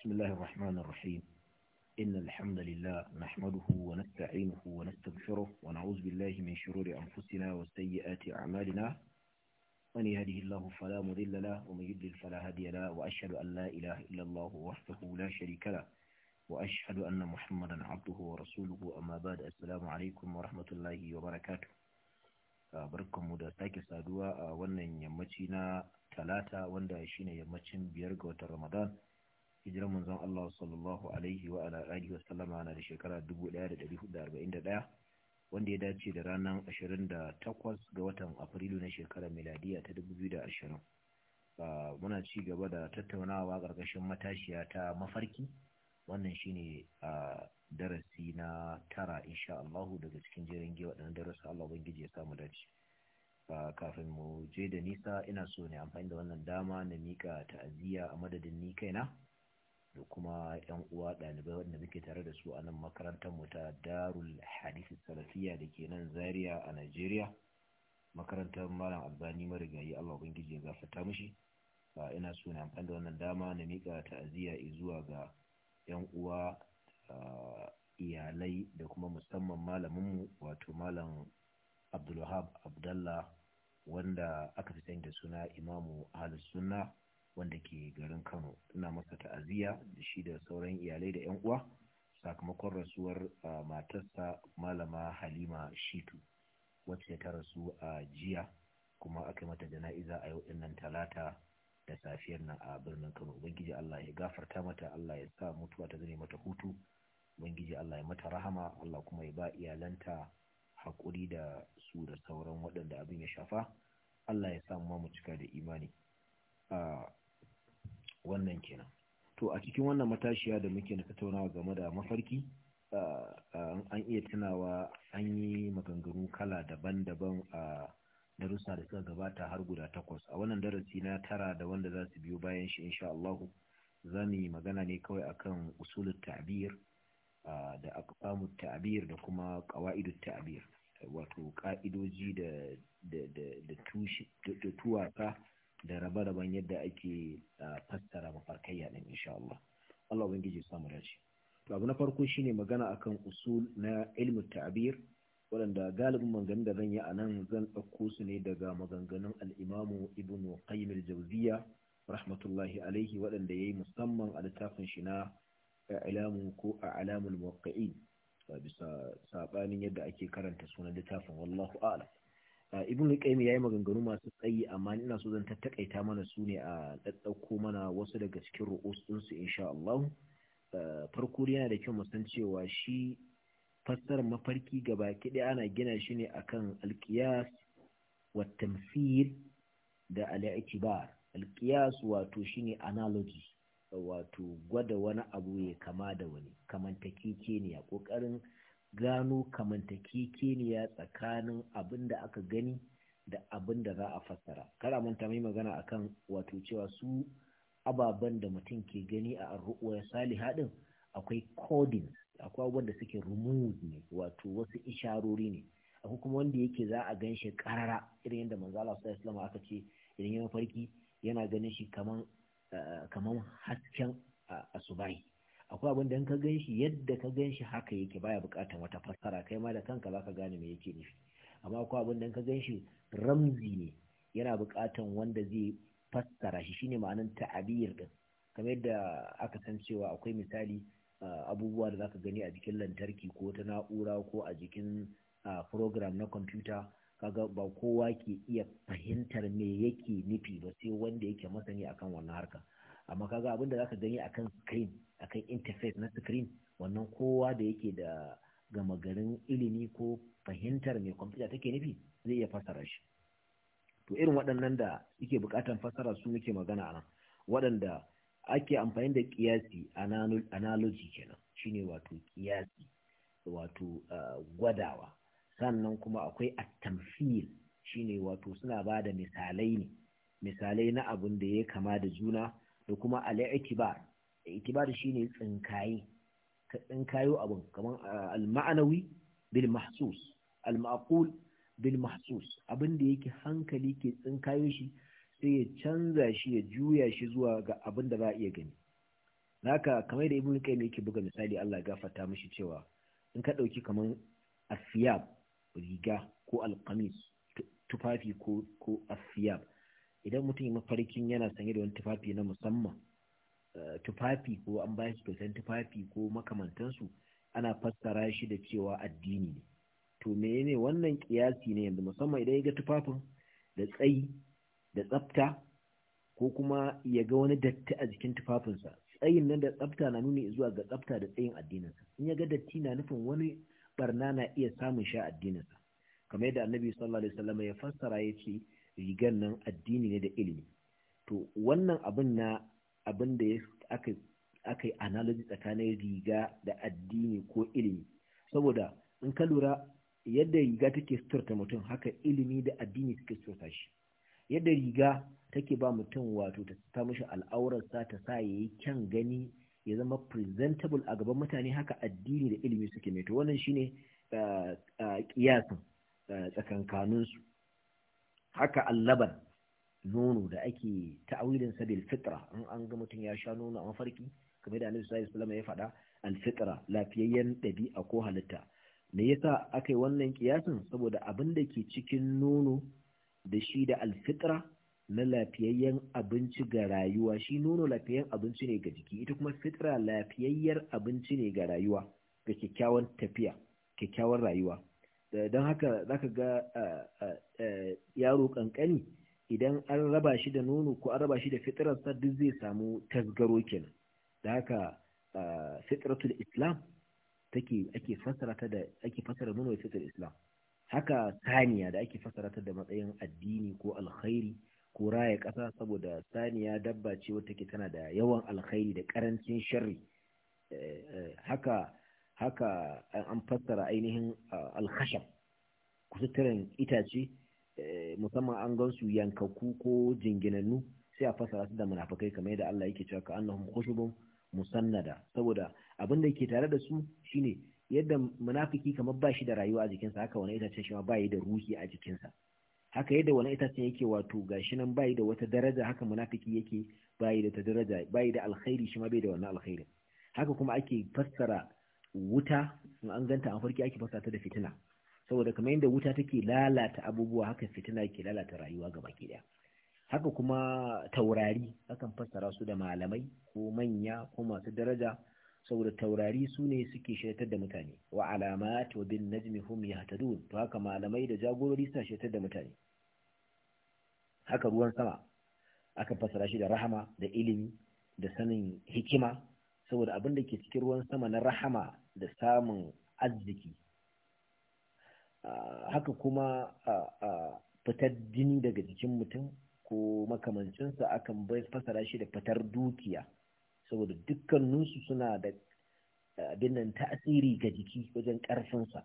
بسم الله الرحمن الرحيم إن الحمد لله نحمده ونستعينه ونستغفره ونعوذ بالله من شرور أنفسنا وسيئات أعمالنا من يهده الله فلا مضل له ومن يضلل فلا هادي له وأشهد أن لا إله إلا الله وحده لا شريك له وأشهد أن محمدا عبده ورسوله أما بعد السلام عليكم ورحمة الله وبركاته barkanmu da sake saduwa a wannan yammaci na talata wanda shine yammacin biyar ga watan ramadan hijirar manzon Allah sallallahu alaihi wa ala alihi wa sallama na da shekara 1441 wanda ya dace da ranar 28 ga watan Afrilu na shekarar miladiya ta 2020 muna ci gaba da tattaunawa gargashin matashiya ta mafarki wannan shine a darasi na tara insha Allah daga cikin jerin gewa da darasa Allah ubangiji ya samu dace ba kafin mu je da nisa ina so ne amfani da wannan dama na mika ta'aziyya a madadin ni kaina da kuma yan uwa ɗalibai wanda muke tare da su a nan makarantar mu ta darul hadisi salafiya da ke nan zaria a nigeria makarantar malam albani marigayi allah ubangiji ya gafarta mishi ina so na amfani da wannan dama na miƙa ta'aziyya zuwa ga yan uwa iyalai da kuma musamman malamin mu, wato malam abdulwahab Abdullah, wanda aka fi sani da suna imamu ahlus sunna wanda ke garin kano ina masa ta'aziyya da shi da sauran iyalai da 'yan uwa sakamakon rasuwar matarsa malama halima shitu wacce ta rasu a jiya kuma aka yi mata jana'iza a yau dinnan talata da safiyar nan a birnin kano ubangiji allah ya gafarta mata allah ya sa mutuwa ta zane mata hutu ubangiji allah ya mata rahama allah kuma ya ba iyalanta haƙuri da su da sauran waɗanda abin ya shafa allah ya samu mu cika da imani wannan kenan to a cikin wannan matashiya da muke na tattaunawa game da mafarki an iya tunawa an yi maganganu kala daban-daban a darussa da suka gabata har guda takwas a wannan darasi na tara da wanda za su biyo bayan shi insha Allah za mu yi magana ne kawai akan usulul ta'bir da aqsamut ta'bir da kuma qawaidut ta'bir wato ka'idoji da da da da tuwasa da rabe-raben yadda ake fassara mafarkayya din insha Allah Allah ubangiji ya samu dace to abu na farko shine magana akan usul na ilmu ta'bir waɗanda galibin maganganun da zan yi a nan zan ɗauko su ne daga maganganun al'imamu ibn qayyim al-jawziya rahmatullahi alaihi waɗanda yayi musamman a littafin shi na ilamu ko a alamul muwaqqi'in bisa sabanin yadda ake karanta sunan littafin wallahu a'lam Ah, ibn qayyim yayi maganganu masu tsayi amma ina so zan tattakaita mana su ne a daddauko mana wasu daga cikin ru'us din su insha Allah ah, farko yana da kyau mu cewa shi fassarar mafarki gaba ɗaya ana gina shi ne akan alqiyas wa tamthil da al-i'tibar alqiyas wato shine analogy wato gwada wani abu ya kama da wani a kokarin gano kamantakekeniya tsakanin abin da aka gani da abin da za a fassara kada mun manta mai magana akan wato cewa su ababen da mutum ke gani a ya saliha din akwai coding akwai abubuwan da suke remove ne wato wasu isharori ne akwai kuma wanda yake za a gan shi karara irin yadda manzo Allah sallallahu alaihi aka ce idan yana farki yana ganin shi kaman eh, kaman hasken eh, asubai akwai abin da ka gan shi yadda ka gan shi haka yake baya bukatan wata fassara kai ma da kanka ka gane me yake nufi amma akwai abin da ka gan shi ramzi ne yana bukatan wanda zai fassara shi shine ma'anan ta'abir din kamar yadda aka san cewa akwai misali abubuwa da zaka gani a jikin lantarki ko ta na'ura ko a jikin program na kwamfuta kaga ba kowa ke iya fahimtar me yake nufi ba sai wanda yake masani akan wannan harka amma kaga abin da zaka gani akan screen akan interface na screen wannan kowa da yake da gama garin ilimi ko fahimtar mai kwamfuta take nufi zai iya fassara shi to irin waɗannan da suke buƙatar fassara su muke magana a nan waɗanda ake amfani da kiyasi analogy kenan shine wato kiyasi wato eh, gwadawa sannan kuma akwai attamfil shine wato suna ba da misalai ne misalai na abin da ya kama da juna da kuma al'itibar itibar shine tsinkaye ka tsinkayo abun kamar eh, al-ma'anawi bil mahsus al-ma'qul bil mahsus abin da yake hankali ke tsinkayo shi sai ya canza shi ya juya shi zuwa ga abin da za a iya gani haka kamar da ibnu qayyim yake buga misali Allah gafarta mishi cewa in ka dauki kaman asiyab riga ko al-qamis tufafi ko ko asiyab idan mutum mafarkin yana sanye da wani tufafi na musamman eh, tufafi ko an ba shi kyautan tufafi ko makamantansu ana fassara shi da cewa addini ne to menene wannan kiyasi ne yanzu musamman idan ya ga tufafin da tsayi da tsafta ko kuma ya ga wani datti a jikin tufafinsa tsayin nan da tsafta na nuni zuwa ga tsafta da tsayin addininsa in ya ga datti na nufin wani barna na iya samun sha addininsa kamar yadda annabi sallallahu alaihi wasallam ya fassara ya ce Rigar nan addini ne da ilimi to wannan abin na abin da aka aka yi analogy tsakanin riga da addini ko ilimi saboda in ka lura yadda riga take suturta mutum haka ilimi da addini suke suturta shi yadda riga take ba mutum wato ta ta mishi al'aurarsa ta sa ya yi kyan gani ya zama presentable a gaban mutane haka addini da ilimi suke mai to wannan shine eh, eh, kiyasin eh, tsakankaninsu haka allaban nono da ake ta'awilin sa bil fitra in an ga mutum ya sha nono a mafarki kamar da Annabi sallallahu alaihi wasallam ya faɗa al fitra lafiyayyen dabi'a ko halitta me yasa aka yi wannan kiyasin saboda abin da ke cikin nono da shi da al fitra na lafiyayyen abinci ga rayuwa shi nono lafiyayyen abinci ne ga jiki ita kuma fitra lafiyayyar abinci ne ga rayuwa ga kyakkyawan tafiya kyakkyawan rayuwa Eh, don haka zaka ga yaro kankani idan an raba shi da nono ko an raba shi da fitrarsa duk zai samu tasgaro kenan da haka fitratul islam take ake fassara ta da ake fassara nono da fitratul islam haka saniya da ake fassara ta da matsayin addini ko alkhairi ko raya ƙasa saboda saniya dabba ce wata ke tana da yawan alkhairi da ƙarancin sharri eh, eh, haka haka an fassara ainihin alkhashab kututturen itace eh, musamman an gansu yankaku ko jinginannu sai a fassara su da munafikai kamar yadda Allah yake cewa ka annahum khushubun musannada saboda abin da yake tare da su shine yadda munafiki kamar ba shi da rayuwa a jikinsa haka wani itacen shi ma ba da ruhi a jikinsa haka yadda wani itacen yake wato gashi nan ba da wata daraja haka munafiki yake ba da ta daraja ba da alkhairi shi ma bai da wannan alkhairi haka kuma ake fassara wuta in an ganta a farki ake ta da fitina saboda kamar yadda wuta take lalata abubuwa haka fitina ke lalata rayuwa gaba ki daya haka kuma taurari akan fassara su da malamai ko manya ko masu daraja saboda taurari su ne suke shaitar da mutane wa alamat wa bin najmi hum yahtadun to haka malamai da jagorori suna shaitar da mutane haka ruwan sama akan fassara shi da rahama da ilimi da sanin hikima saboda abin da ke cikin ruwan sama na rahama da samun arziki haka kuma fitar jini daga jikin mutum ko makamancinsa akan bai fasara shi da fitar dukiya saboda dukkaninsu suna da binnan tasiri ga jiki wajen ƙarfinsa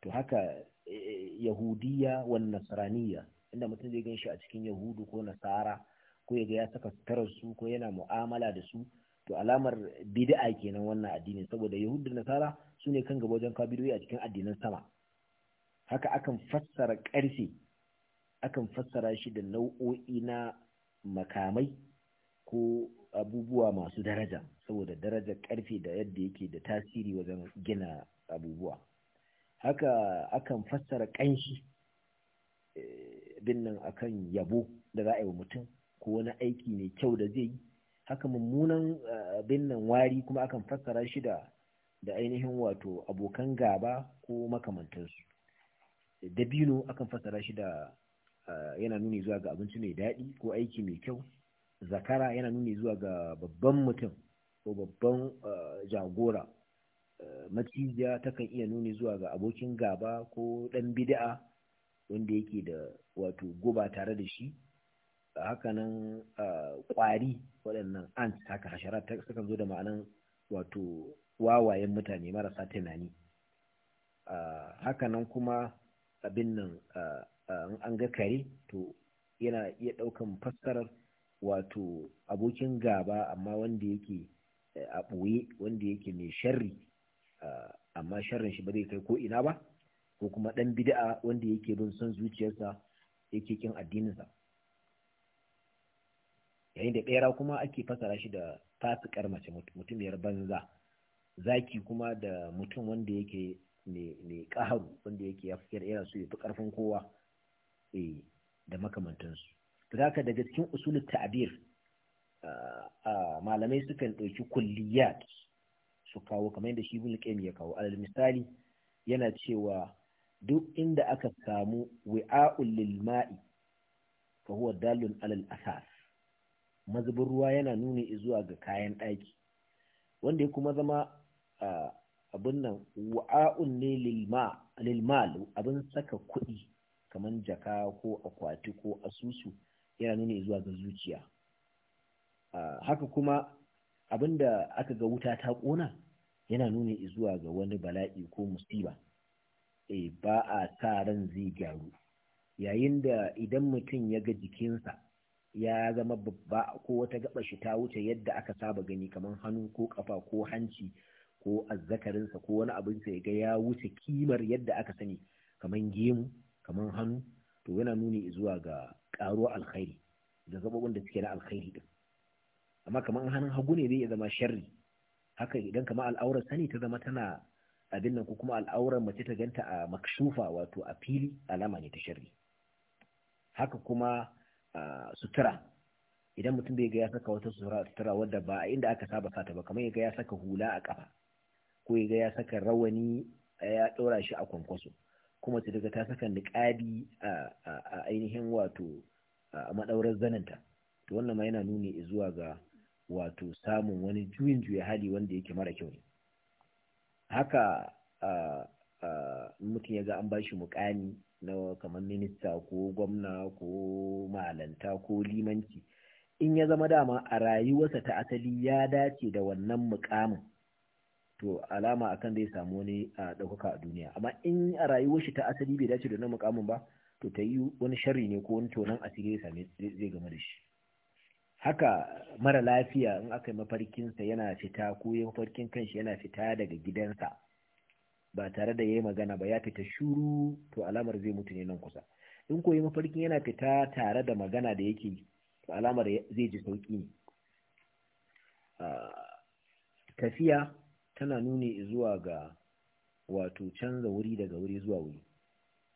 to haka e, e, yahudiya wa nasraniya inda mutum zai gan shi a cikin yahudu ko nasara ko ya ga ya saka sutararsu ko yana mu'amala da su to alamar bid'a kenan wannan addini saboda yahudu da nasara sune kan gaba wajen kabiloyi a cikin addinan sama haka akan fassara ƙarfe akan fassara shi da nau'o'i na makamai ko abubuwa masu daraja saboda daraja ƙarfe da yadda yake da tasiri wajen gina abubuwa haka akan fassara ƙanshi eh, bin nan akan yabo da za a yi wa mutum ko wani aiki mai kyau da zai yi haka mummunan eh, abin nan wari kuma akan fassara shi da da ainihin wato abokan gaba ko makamantansu dabino akan fassara shi da eh, yana nuni zuwa ga abinci mai daɗi ko aiki mai kyau zakara yana nuni zuwa ga babban mutum ko babban eh, jagora ta takan iya nuni zuwa ga abokin gaba ko ɗan bid'a wanda yake da wato guba tare da shi hakanan kwari waɗannan ants haka ta sukan zo da ma'anan wato wawayen mutane marasa tunani hakanan kuma abin nan an ga kare to yana iya ɗaukan fassarar wato abokin gaba amma wanda yake e, a ɓoye wanda yake mai sharri amma sharrin shi ba zai kai ko ina ba ko kuma ɗan bid'a wanda yake bin son zuciyarsa yake kin addininsa yayin da bera kuma ake fasara shi da fasikar mace yar banza zaki kuma da mutum wanda yake mai ƙaharu wanda yake ya yana so ya fi ƙarfin kowa eh, da makamantansu to haka daga cikin usulul ta'bir malamai sukan ɗauki kulliyat su kawo kamar yadda shi bulƙaim ya kawo alal misali yana cewa duk inda aka samu wi'a'ul lil ma'i fa huwa dalun alal asas mazubin ruwa yana nuni zuwa ga kayan ɗaki wanda ya kuma zama abin nan wa'a'un ne lilmal abin saka kuɗi kamar jaka ko akwati ko asusu yana nuni zuwa ga zuciya haka kuma abin da aka ga wuta ta ƙona yana nuni zuwa ga wani bala'i ko musiba eh ba a sa ran zai gyaru yayin da idan mutum ya ga jikinsa ya zama babba ko wata gaba shi ta wuce yadda aka saba gani kamar hannu ko kafa ko hanci ko azzakarinsa ko wani abin sa ga ya wuce kimar yadda aka sani kamar gemu kamar hannu to yana nuni zuwa ga karo alkhairi da gababin da suke na alkhairi din amma kamar hannun hagu ne zai zama sharri haka idan kamar al'aurar sani ta zama tana abin nan ko kuma al'aurar mace ta ganta a makshufa wato a fili alama ne ta sharri haka kuma sutura idan mutum bai ga ya saka wata sutura wadda ba a inda aka saba sata ba kamar ya ga ya saka hula a kafa ko ya ya saka rawani eh, ya ɗora shi a kwankwaso kuma ta daga ta saka niƙabi a ainihin wato a maɗaurar zananta to wannan ma yana nuni zuwa ga wato samun wani juyin juya hali wanda yake mara kyau ne haka mutum ya ga an bashi mukami na kamar minista ko gwamna ko malanta ko limanci in ya zama dama a rayuwarsa ta asali ya dace da wannan mukamin to alama akan zai samu wani a ɗaukaka a duniya amma in a rayuwar shi ta asali bai dace da wannan mukamin ba to ta yi wani shari ne ko wani tonon asiri ya same zai game da shi haka mara lafiya in aka yi mafarkinsa yana fita ko ya mafarkin kanshi yana fita daga gidansa ba tare da yayi magana ba ya fita shuru to alamar zai mutu ne nan kusa in koyi mafarkin yana fita tare da magana da yake to alamar zai ji sauki ne tafiya tana nuni zuwa ga wato canza wuri daga wuri zuwa wuri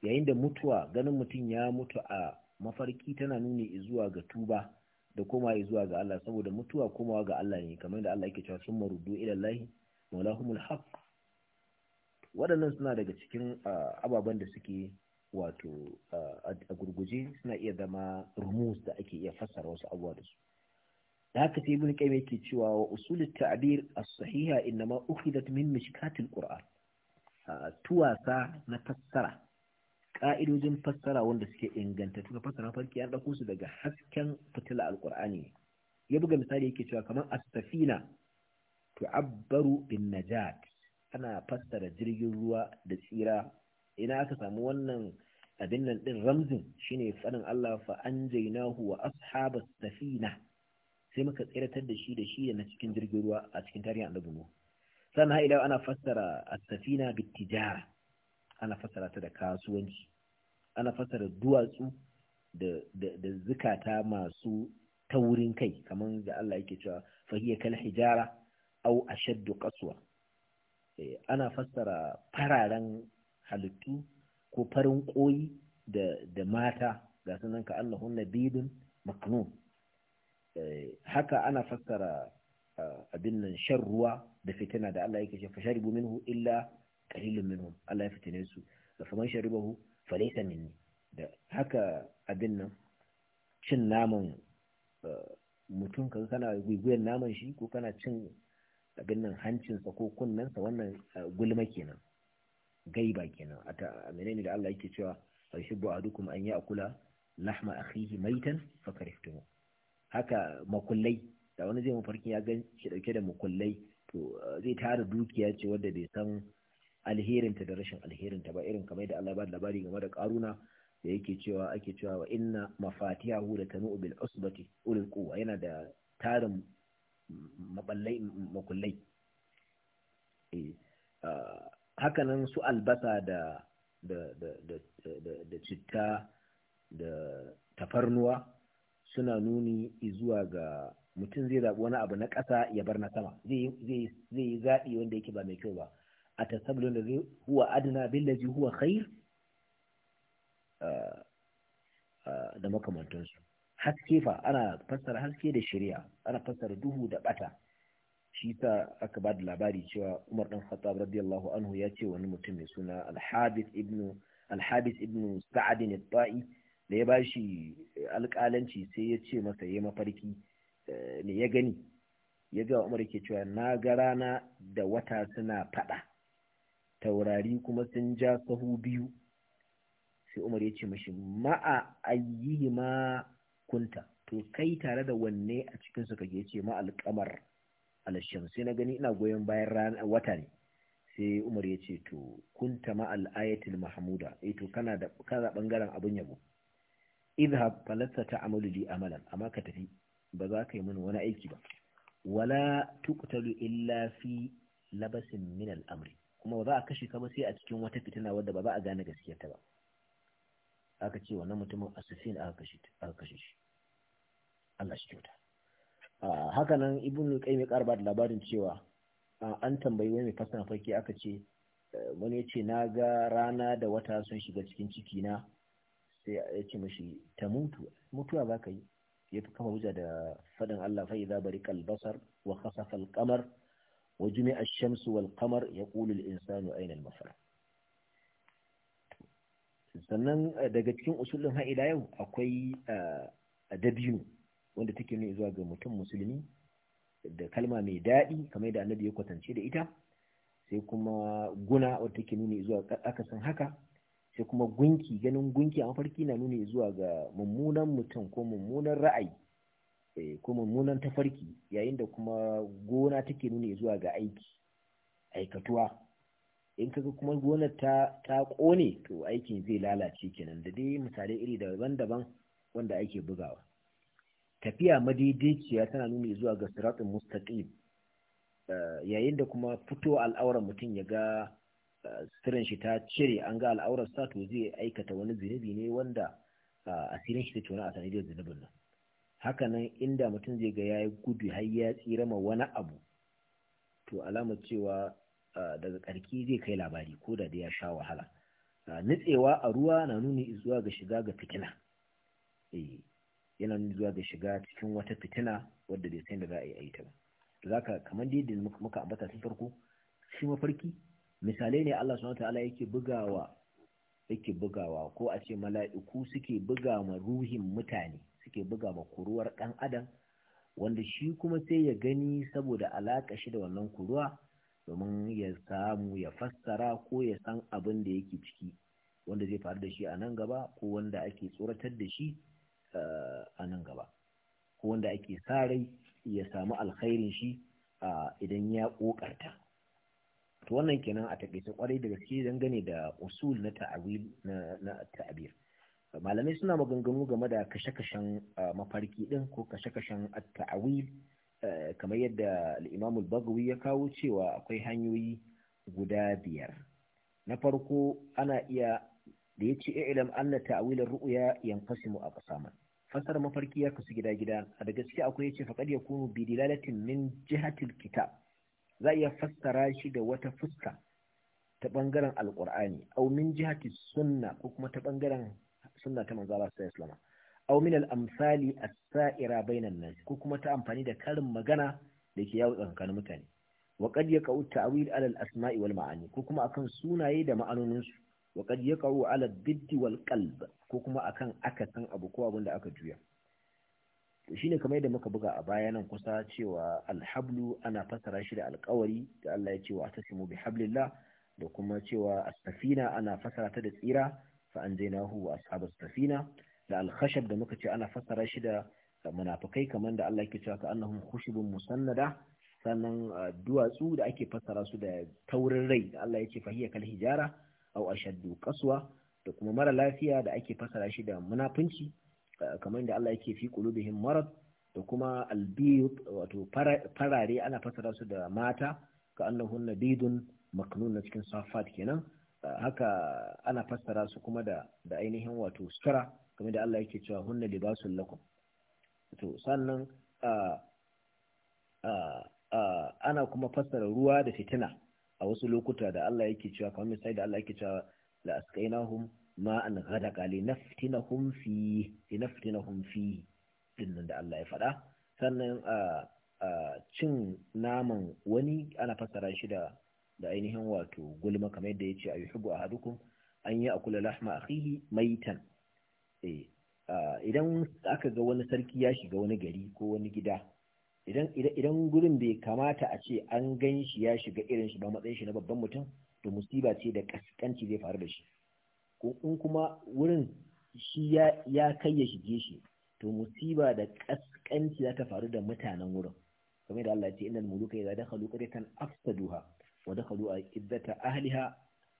yayin da mutuwa ganin mutum ya mutu a mafarki tana nuni zuwa ga tuba da komawa zuwa ga Allah saboda mutuwa komawa ga Allah ne kamar da Allah yake cewa sun marudu ila Allah maulahumul haqq waɗannan suna daga cikin ababen da suke wato a gurguje suna iya zama rumus da ake iya fassara wasu abubuwa da su da haka sai ibn qayyim yake cewa wa usul ta'bir as-sahiha inma ukhidat min mishkat al-qur'an tuwasa na fassara ka'idojin fassara wanda suke inganta na fassara farki an dauko su daga hasken fitila al-qur'ani ya buga misali yake cewa kamar as-safina tu'abbaru bin najat ana fassara jirgin ruwa da tsira ina aka samu wannan abin nan din ramzin shine fadin Allah fa anjaynahu wa ashabas safina sai muka tsiratar da shi da shi na cikin jirgin ruwa a cikin tarihin annabi mu sannan ila ana fassara as-safina bitijara ana fassara ta da kasuwanci ana fassara duwatsu da da zukata masu taurin kai kamar da Allah yake cewa hiya kal hijara aw ashaddu qaswa Eh, ana fassara fararen halittu ko farin koyi da mata ga sunan ka Allahunna bidun maknun eh, haka ana fassara ah, abin nan shan ruwa da fitina da Allah yake shafa sharibu minhu illa qalilun minhum Allah ya fitine su da faman sharibahu falaysa minni da haka abin nan cin naman ah, mutum kan kana guguyen naman shi ko kana cin abin nan hancinsa ko kunnensa wannan eh, gulma kenan gaiba kenan a menene da Allah yake cewa yuhibbu adukum an ya'kula lahma akhihi maitan fakarihtum haka makullai da wani zai mafarki ya gan shi dauke da makullai to eh, zai tara dukiya ce wanda bai san alherinta da rashin alherinta ba irin kamar da Allah ba da labari game da karuna da yake cewa ake cewa wa inna mafatihahu la tanu bil usbati ulul quwwa yana da tarin maballai makullai eh, hakanan su albasa da da citta da tafarnuwa suna nuni zuwa ga mutum zai zaɓi wani abu na ƙasa ya bar na sama zai yi zaɓi wanda yake ba mai kyau ba a tasabu da zai huwa adana billaji huwa khair da makamantansu haske fa ana fassara haske da shari'a ana fassara duhu da bata shi sa aka ba da labari cewa Umar dan Khattab radiyallahu anhu ya ce wani mutum mai suna al ibn Al-Habib ibn Sa'd ibn tai da ya bashi alƙalanci sai ya ce masa yayi mafarki ne eh, ya gani ya ga Umar yake cewa na ga rana da wata suna fada taurari kuma sun ja sahu biyu sai Umar ya ce mashi ma'a ma. kunta to kai tare da wanne a cikin su kake ce ma alƙamar alsham sai na gani ina goyon bayan ranar wata ne sai Umar ya ce to kunta ma al mahmuda eh to kana da kana bangaren abun yabo idhab falasta ta'malu li amalan amma ka tafi ba za ka yi mini wani aiki ba wala tuqtalu illa fi labasin min al-amri kuma ba za a kashe ka ba sai a cikin wata fitina wadda ba za a gane gaskiyarta ba aka ce wannan mutumin asufin aka kashe shi Allah shi kyauta haka nan ibn kai mai ya karba da labarin cewa an tambayi wani fasana farki aka ce eh, wani ya ce na ga rana da wata sun shiga cikin ciki na sai ya ce mashi ta mutu mutuwa ba ka yi ya fi kama wuja da faɗin Allah fa za bari kalbasar wa khasafa ashamsu wa jumi'a shamsu wal kamar ya insanu ainihin mafara sannan eh, daga cikin usulin ha'ila yau akwai eh, dabino wanda take nuna zuwa ga mutum musulmi da kalma mai daɗi kamar da annabi ya kwatance da ita sai kuma guna wanda take nuna zuwa akasin haka sai kuma gunki ganin gunki a mafarki na nuna zuwa ga mummunan mutum ko mummunan ra'ayi eh, ko mummunan tafarki yayin da kuma gona take nuna zuwa ga aiki aikatuwa in kaga kuma gonar ta ta kone to aikin zai lalace kenan da dai misalai iri daban-daban wanda ake bugawa tafiya madaidaiciya tana nuni zuwa ga siratun mustaqim eh, yayin da kuma fito al'auran mutum ya ga eh, sirrin shi ta cire an ga al'aurar sa to zai aikata wani zunubi ne wanda eh, asirin shi ta tona a sanadiyar zunubin nan hakanan inda mutum zai ga yayi gudu har ya tsira ma wani abu to alamar cewa Eh, daga ƙarki zai kai labari ko da ya sha wahala eh, Nitsewa a ruwa na nuni zuwa ga shiga ga fitina eh, yana nuni zuwa ga shiga cikin wata fitina wadda bai san da za a yi aita ba za ka kamar da muka ambata tun farko shi mafarki misalai ne Allah subhanahu ta'ala yake bugawa yake bugawa ko a ce mala'iku suke buga ma ruhin mutane suke buga ma kuruwar dan adam wanda shi kuma sai ya gani saboda alaƙa shi da wannan kuruwa domin ya samu ya fassara ko ya san abin da yake ciki wanda zai faru da shi a nan gaba ko wanda ake tsoratar da shi eh, a nan gaba ko wanda ake sa rai ya samu alkhairin shi idan ya kokarta to wannan kenan a takaice kwarai da gaske dangane da usul na ta'awil na ta'abir malamai suna maganganu game da kashe-kashen eh, mafarki din ko kashe-kashen ta'awil Eh, kamar yadda al'imamul bagawi ya kawo cewa akwai hanyoyi guda biyar na farko ana iya da ya ce ilam anna ta'awilar ru'ya yanqasimu a qasaman fasar mafarki ya kasu gida gida a da gaske akwai yace faqad yakunu bi dilalatin min jihatil kitab za a iya fassara shi da wata fuska ta bangaren alqur'ani aw min jihati sunna ko kuma ta bangaren sunna ta manzara sallallahu aw min al-amsali saira bainan nas ko kuma ta amfani da karin magana da ke yawo tsakanin mutane wa ya yaqa'u ta'wil ala al-asma'i wal ma'ani ko kuma akan sunaye da ma'anonin su wa qad yaqa'u ala ad wal qalb ko kuma akan akasan abu ko abin da aka juya shine kamar yadda muka buga a baya nan kusa cewa alhablu ana fasara shi da alkawari da Allah ya ce wa atasimu bi hablillah da kuma cewa as-safina ana fasara ta da tsira fa anjaynahu wa ashabas safina da alkhashab da muka ce ana fassara shi da munafikai kamar da Allah yake cewa ka annahum khushubun musannada sannan uh, duwatsu da ake fassara su da taurin rai da Allah yake fahiya kal hijara aw ashaddu qaswa da kuma mara lafiya da ake fassara shi da munafinci uh, kamar da Allah yake fi qulubihim marad da kuma albiyut wato farare ana fassara su da mata ka annahunna bidun maknun na cikin safat kenan uh, haka ana fassara su kuma da ainihin wato sutura kamar da Allah yake cewa hunna libasul lakum to sannan ana kuma fassara ruwa da fitina a wasu lokuta da Allah yake cewa kamar misali da Allah yake cewa la ma an ghadaqa li naftinahum fi li naftinahum fi din da Allah ya faɗa sannan cin naman wani ana fassara shi da da ainihin wato gulma kamar yadda yace a ahadukum an yi akula lahma akhihi maitan Eh, ah, idan aka ga wani sarki ya shiga wani gari ko wani gida idan gurin bai kamata a ce an gan shi ya shiga irin shi ba matsayin shi na babban mutum to musiba ce da kaskanci zai faru da shi in kuma wurin shi ya kai ya shige shi to musiba da kaskanci za ta faru da mutanen wurin kamar da Allah ya ce innal muluka idza dakhalu qaryatan afsaduha wa dakhalu izzata ahliha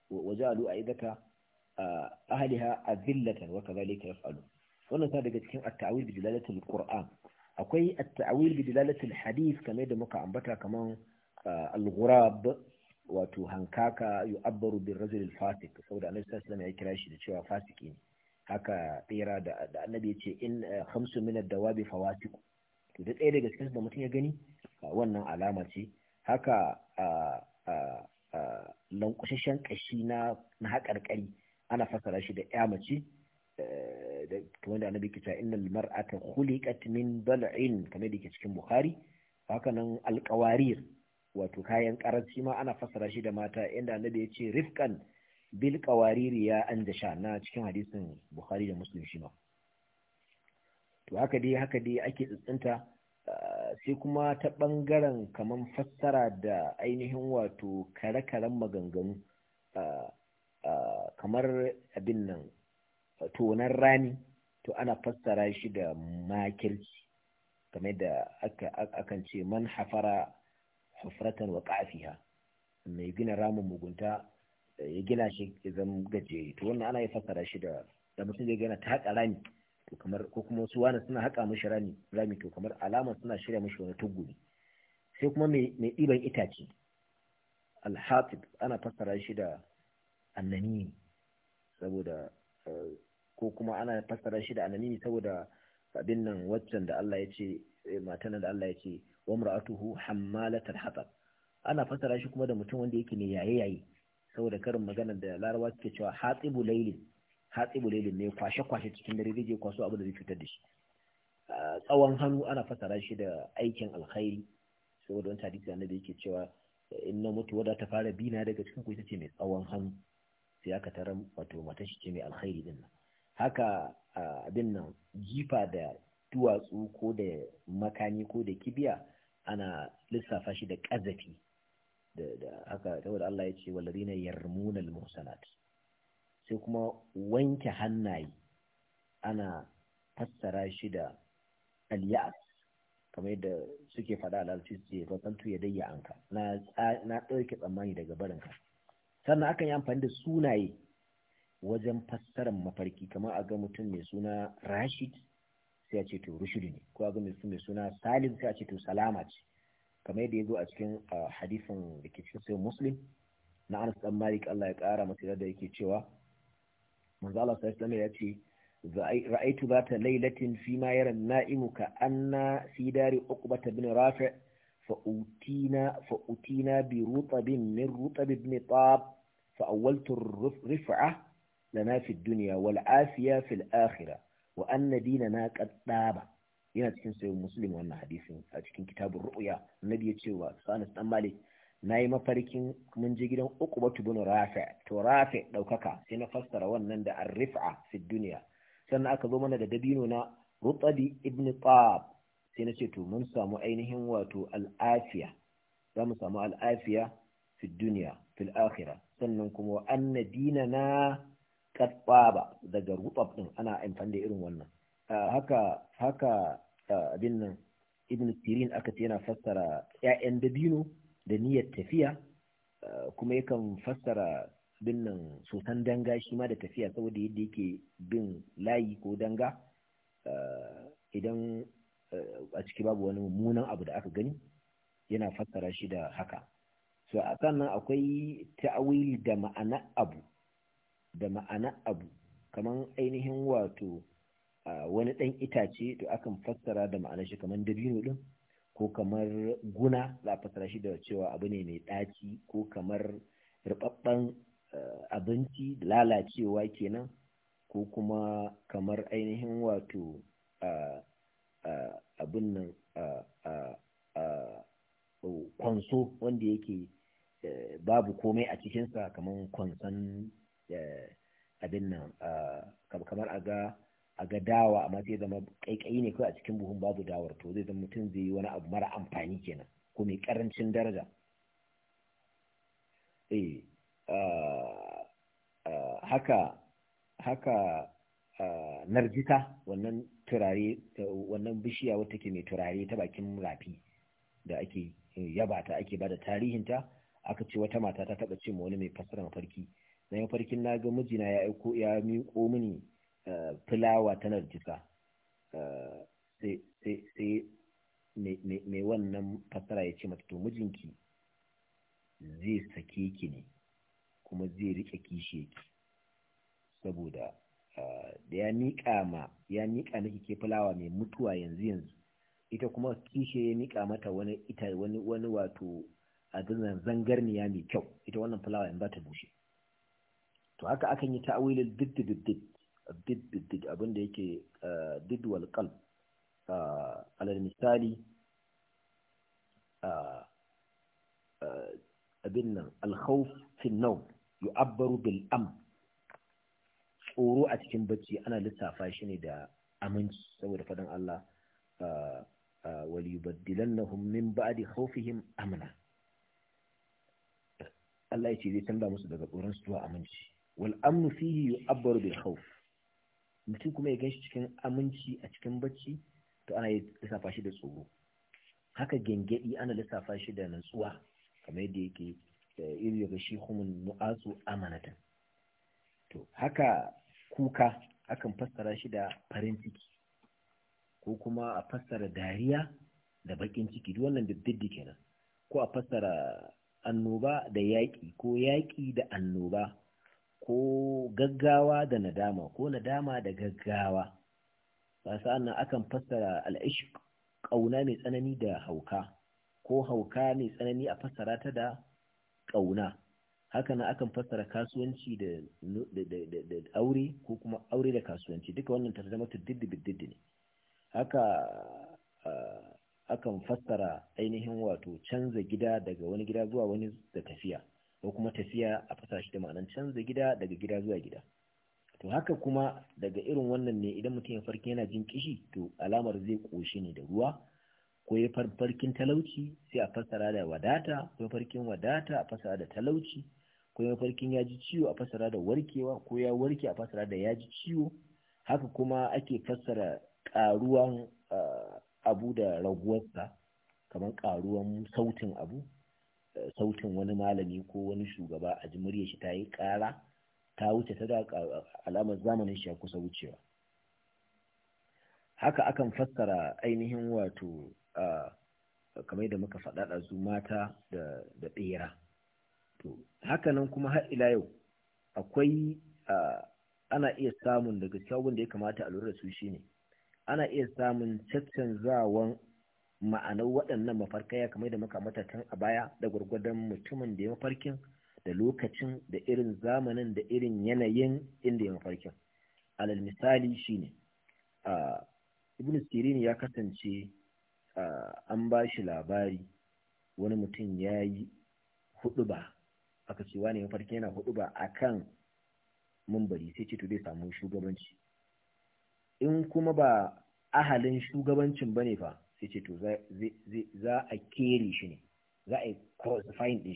wa ja'alu izzata ahliha azillatan wa kadhalika yaf'alu wannan ta daga cikin at-ta'wil bi dilalatil qur'an akwai at-ta'wil bi dilalatil hadith kamar da muka ambata kamar al-ghurab wato hankaka yu'abbaru bil rajul al-fasik saboda annabi sallallahu alaihi ya kira shi da cewa fasiki ne haka tsira da annabi ya ce in khamsu min ad dawab fawasiq to da tsaye daga cikin da mutum ya gani wannan alama ce haka lankwashashen kashi na haƙarƙari ana fasara shi da ya mace eh, da kuma da annabi kita innal mar'ata khuliqat min dal'in kamar da yake cikin bukhari haka nan alqawarir wato kayan karanci ma ana fasara shi da mata inda annabi ya ce rifkan bil qawarir ya anjasha na cikin hadisin bukhari da muslim shi ma to haka dai haka dai ake tsintsinta eh, sai kuma ta bangaren kaman fassara da ainihin wato kare-karen maganganu eh, Eh, kamar abin nan eh, tonan rani to ana fassara shi da makirci game da akan ce man hafara hafratan wa ƙafiha mai gina ramin mugunta eh, ya gina shi ya zama gajere to wannan ana yi fassara shi da da mutum zai gina ta haƙa rami to kamar ko kuma su wani suna haƙa mishi rami rami to kamar alama suna shirya mishi wani tuguri sai kuma mai ɗiban itace alhatib ana fassara shi da annamimi saboda eh, ko kuma ana fassara shi da annamimi saboda abin nan waccan da Allah ya ce eh, matan da Allah ya ce wa mar'atuhu hammalatul hatab ana fassara shi kuma da mutum wanda yake ne yaye yaye saboda karin magana da larawa suke cewa hatsibu lailin hatsibu lailin ne kwashe kwashe cikin dare zai kwaso abu da zai cutar da shi tsawon hannu ana fassara shi da aikin alkhairi saboda wani hadisi da yake cewa inna na mutu wada ta fara bina daga cikin ku ita ce mai tsawon hannu sai aka tarar wato matan shi ce mai alkhairi din nan haka abin nan jifa da duwatsu ko da makani ko da kibiya ana lissafa shi da ƙazafi da haka saboda Allah ya ce walarina yarmunal muhsanat sai kuma wanke hannaye ana fassara shi da alyas kamar yadda suke faɗa a suke su ce ya dayya anka na ɗauke tsammani daga barinka sannan akan yi amfani da sunaye wajen fassarar mafarki kamar a ga mutum mai suna rashid sai a ce to rushudu ne ko a ga mutum mai suna salim sai a ce to salama ce kamar yadda ya zo a cikin hadisin da ke cikin muslim na anas dan malik allah ya kara masa da yake cewa manzo allah sai ya ce ra'aitu zata lailatin fi ma yara na'imu ka anna fi dari uqbata bin rafi' فأوتينا فأوتينا برطب من رطب ابن طاب فأولت الرفعة لنا في الدنيا والعافية في الآخرة وأن ديننا قد طاب yana cikin sayin muslim wannan hadisin a cikin kitabun ru'ya annabi ya ce wa sanis dan malik nayi mafarkin mun je gidan uqbatu bin rafi to rafi daukaka sai na fassara wannan da ar-rif'a fi dunya sannan aka zo mana da dabino na rutabi ibn tab sai na ce to mun samu ainihin wato al'afiya za mu samu al'afiya fi duniya fil akhirah sannan kuma wa anna dinana qad ba daga rubab din ana amfani da irin wannan haka haka abin nan ibn sirin aka ce yana fassara 'ya'yan dabino da niyyar tafiya kuma yakan fassara bin nan sosan danga shi ma da tafiya saboda yadda yake bin layi ko danga idan a ciki babu wani mummunan abu da aka gani yana fassara shi da haka so a sannan akwai ta'awil da ma'ana abu da ma'ana abu kaman ainihin wato wani ɗan itace to akan fassara da ma'ana shi kaman dabino din ko kamar guna za a fassara shi da cewa abu ne mai ɗaci ko kamar rubabban abinci lalacewa kenan ko kuma kamar ainihin wato abin nan kwanso wanda yake e, babu komai a cikinsa kamar kwanson e, abin nan kamar a ga dawa amma sai zama ƙaiƙayi ne kawai a cikin buhun babu dawar to zai zama mutum zai yi wani abu mara amfani kenan ko mai ƙarancin daraja eh, haka haka narjita wannan turare wannan bishiya wata ke mai turare ta bakin rafi da ake yaba ta ake bada tarihinta aka ce wata mata ta taba ce wani mai fasara mafarki na yi farkin na ga mijina ya aiko ya miƙo mini fulawa ta narjita sai mai wannan fasara ya ce mata to mijinki zai sake ki ne kuma zai riƙe ki, saboda da ya miƙa ma ya miƙa miki ke fulawa mai mutuwa yanzu yanzu ita kuma kishe ya miƙa mata wani ita wani wani wato abinan zangarniya mai kyau ita wannan fulawa yanzu za ta bushe to haka akan yi ta'awilin didd didd abinda yake eh, wal qalb ah, alal misali ah, eh, abin nan alkhawf fi an-nawm yu'abbaru bil am tsoro a cikin bacci ana lissafa shi ne da aminci saboda faɗin Allah ah, ah, waliyubaddilannahum min ba'di khawfihim amna Allah ya ce zai canza musu daga tsoron su zuwa aminci wal amnu fihi yu'abbaru bil khawf mutum kuma ya ganshi cikin aminci a cikin bacci to ana lissafa shi da tsoro haka gengedi ana lissafa shi da nutsuwa kamar yadda yake eh, iri daga shi humun nu'azu amanatan to haka kuka akan fassara shi da farin ciki ko kuma a fassara dariya da bakin ciki duk wannan kenan ko a fassara annoba da yaƙi ko yaƙi da annoba ko gaggawa da nadama ko nadama da gaggawa ba sa'an akan fassara al'ishq ƙauna mai tsanani da hauka ko hauka mai tsanani a fassara ta da ƙauna haka na akan fassara kasuwanci da aure ko kuma aure da kasuwanci duka wannan tarjamatu diddibiddi ne haka akan fassara ainihin wato canza gida daga wani gida zuwa wani da tafiya ko kuma tafiya a fassara shi da ma'anan canza gida daga gida zuwa gida to haka kuma daga irin wannan ne idan mutum ya farki yana jin kishi to alamar zai koshi ne da ruwa ko ya farkin talauci sai a fassara da wadata ko farkin wadata a fassara da talauci ko ya farkin ya ji ciwo a fassara da warkewa ko ya warke a fassara da ya ji ciwo haka kuma ake fassara karuwan eh, abu da raguwarsa kamar karuwan sautin abu eh, sautin wani malami ko wani shugaba a ji murya shi ta yi ƙara ta wuce ta da alamar zamanin shi ya kusa wucewa haka akan fassara ainihin wato eh, kamar da muka faɗaɗa su mata da ɓera to hakanan kuma har ila yau akwai ana iya samun daga cikin da ya kamata a lura da su shine ana iya samun caccanzawan ma'anar waɗannan mafarkaya ya kamar da muka matakan a baya da gwargwadon mutumin da ya mafarkin da lokacin da irin zamanin da irin yanayin inda ya mafarkin alal misali shine ibn sirin ya kasance an ba shi labari wani mutum ya yi hudu ba aka ce wani mafarki yana hudu ba a akan mumbari sai ce to zai samu shugabanci in kuma ba ahalin shugabancin ba ne fa sai ce to za a kere shi ne za a din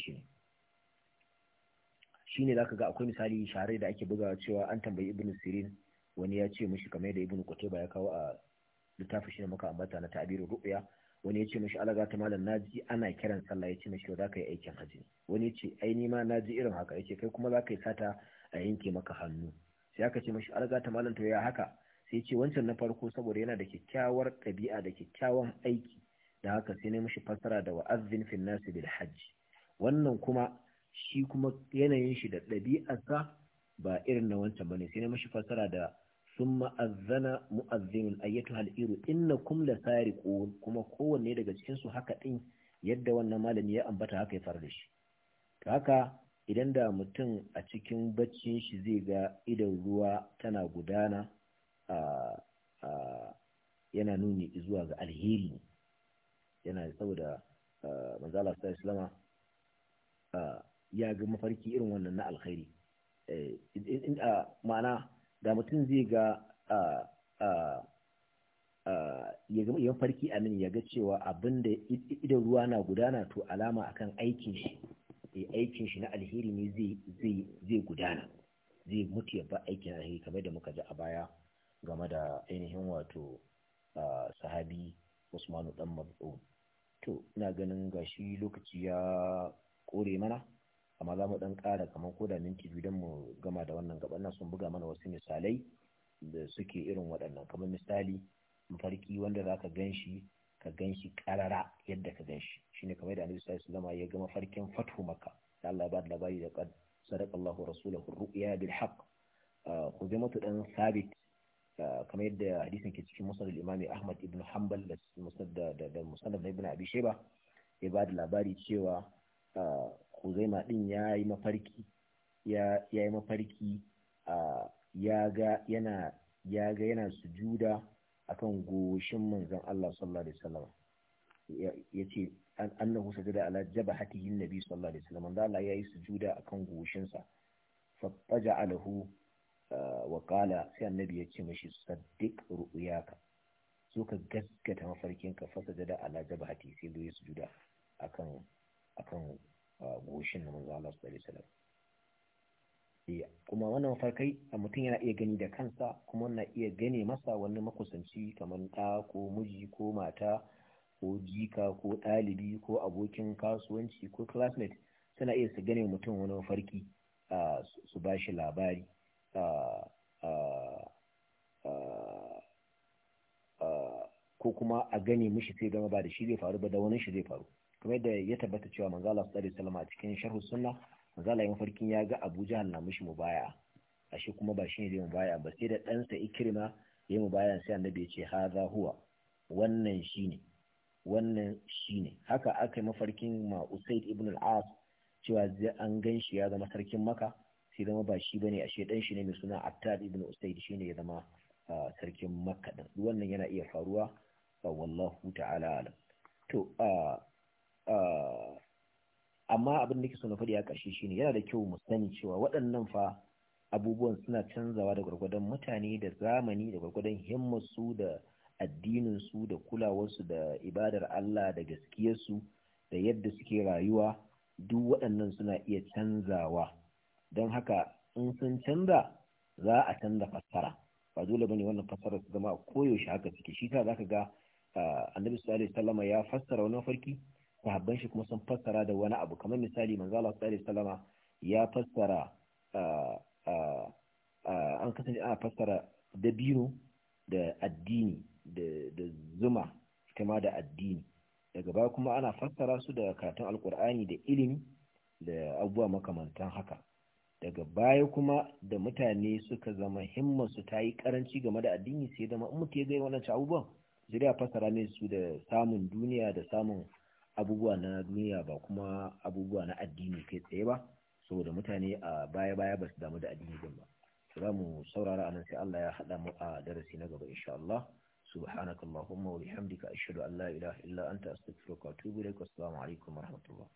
shi ne za ka ga akwai misali share da ake bugawa cewa an tambayi Ibn sirin wani ya ce mashi kamar da ibnu ba ya kawo a littafin shi maka ambata na tabirin ru'ya wani ya ce mashi alaga ta malam ji ana kiran sallah ya ce mashi za ka yi aikin hajji wani ya ce ai ni ma ji irin haka ya ce kai kuma za ka yi sata a yanke maka hannu sai aka ce mashi alaga ta malam to ya haka sai ce wancan na farko saboda yana da kyakkyawar ɗabi'a da kyakkyawan aiki da haka sai na mashi fassara da wa'azzin fin nasi bil hajji wannan kuma shi kuma yanayin shi da ɗabi'arsa ba irin na wancan bane sai na mashi fassara da Sun azzana mu'azzinun ayyatu hal'iru innakum lasariqun kuma kowanne daga cikin su haka din yadda wannan malami ya ambata haka ya faru da shi haka idan da mutum a cikin baccin shi zai ga idan ruwa tana gudana yana nuni zuwa ga alheri yana saboda manzo Allah sallallahu alaihi ya ga mafarki irin wannan na alkhairi eh, ma'ana da mutum zai ga ya ga farki a ya ga cewa abin da idan ruwa na gudana to alama akan aikin shi e, aikin shi na alheri ne zai gudana zai mutu ya ba aikin alheri kamar da muka ji a baya game da ainihin wato sahabi usmanu dan mab'un to ina ganin gashi lokaci ya kore mana amma za mu dan ƙara kamar ko da minti biyu mu gama da wannan gaba na sun buga mana wasu misalai da suke irin waɗannan kamar misali mafarki wanda za ka gan shi ka gan shi ƙarara yadda ka gan shi shine kamar da annabi sallallahu alaihi ya ga mafarkin fathu makka da Allah ya ba da labari da qad sadaqallahu rasulahu ru'ya bil haqq ah, dan sabit ah, kamar yadda hadisin ke cikin musnad al-imam Ahmad ibn Hanbal da musnad da musnad ibn Abi Shayba ya ba da labari cewa ah, huzaima din ya yi mafarki ya yi mafarki ya ga yana su juda a sujuda akan goshin manzon Allah sallallahu alaihi wasallam yace annahu sajada ala jabhatihi nabi sallallahu alaihi wasallam da Allah yayi sujuda akan goshin sa fattaja'alahu wa qala sai annabi ce mashi saddiq ru'yaka so ka gaskata mafarkinka fasajada ala hati sai su sujuda akan akan goshin na manzo Allah sallallahu alaihi wasallam eh, kuma wannan mafarkai a mutum yana iya gani da kansa kuma na iya gane masa wani makusanci kamar ɗa ko miji ko mata ko jika ko ɗalibi ko abokin kasuwanci ko classmate suna iya su gane mutum wani mafarki su ba shi labari ko kuma a gane mishi sai gama ba da shi zai faru ba da wani shi zai faru kamar da ya tabbata cewa manzo Allah sallallahu alaihi a cikin sharhu sunna manzo Allah mafarkin ya ga Abu Jahal na mishi mubaya ashe kuma ba shi ne zai mubaya ba sai da ɗansa Ikrima ya mubaya sai annabi ya ce hadha huwa wannan shine wannan shine haka aka yi mafarkin ma Usaid ibn al-As cewa an gan shi ya zama sarkin Makka sai zama ba shi ba bane ashe dan shi ne mai suna attar ibn Usaid shine ya zama ah, sarkin Makka din wannan yana iya faruwa wallahu ta'ala alam to ah, Ah, amma abin da ke so na faɗi a ƙarshe shi ne yana da kyau mu sani cewa waɗannan fa abubuwan suna canzawa da gwargwadon mutane da zamani da gwargwadon himmarsu da addininsu da kulawarsu da ibadar Allah da gaskiyarsu da yadda suke rayuwa duk waɗannan suna iya canzawa don haka in sun canza za a canza fassara ba dole bane wannan fassara su zama koyaushe haka suke shi ta zaka ga ah, annabi sallallahu alaihi ya fassara wannan farki sahabban shi kuma sun fassara da wani abu kamar misali manzo Allah sallallahu alaihi ya fassara an kasance ana fassara dabino da addini da zuma kama da addini daga baya kuma ana fassara su da karatun alkur'ani da ilimi da abubuwa makamantan haka daga baya kuma da mutane suka zama su ta yi karanci game da addini sai zama in mutu ya wannan abubuwan sai dai a fassara ne su da samun duniya da samun abubuwa na duniya ba kuma abubuwa na addini kai tsaye ba saboda mutane a baya-baya ba su damu da addini din ba za mu saurara anan sai Allah ya haɗa mu a darasi na gaba insha Allah subhanakallahumma wa bihamdika ashhadu an la ilaha illa anta astaghfiruka wa atubu ilaik assalamu alaikum wa rahmatullah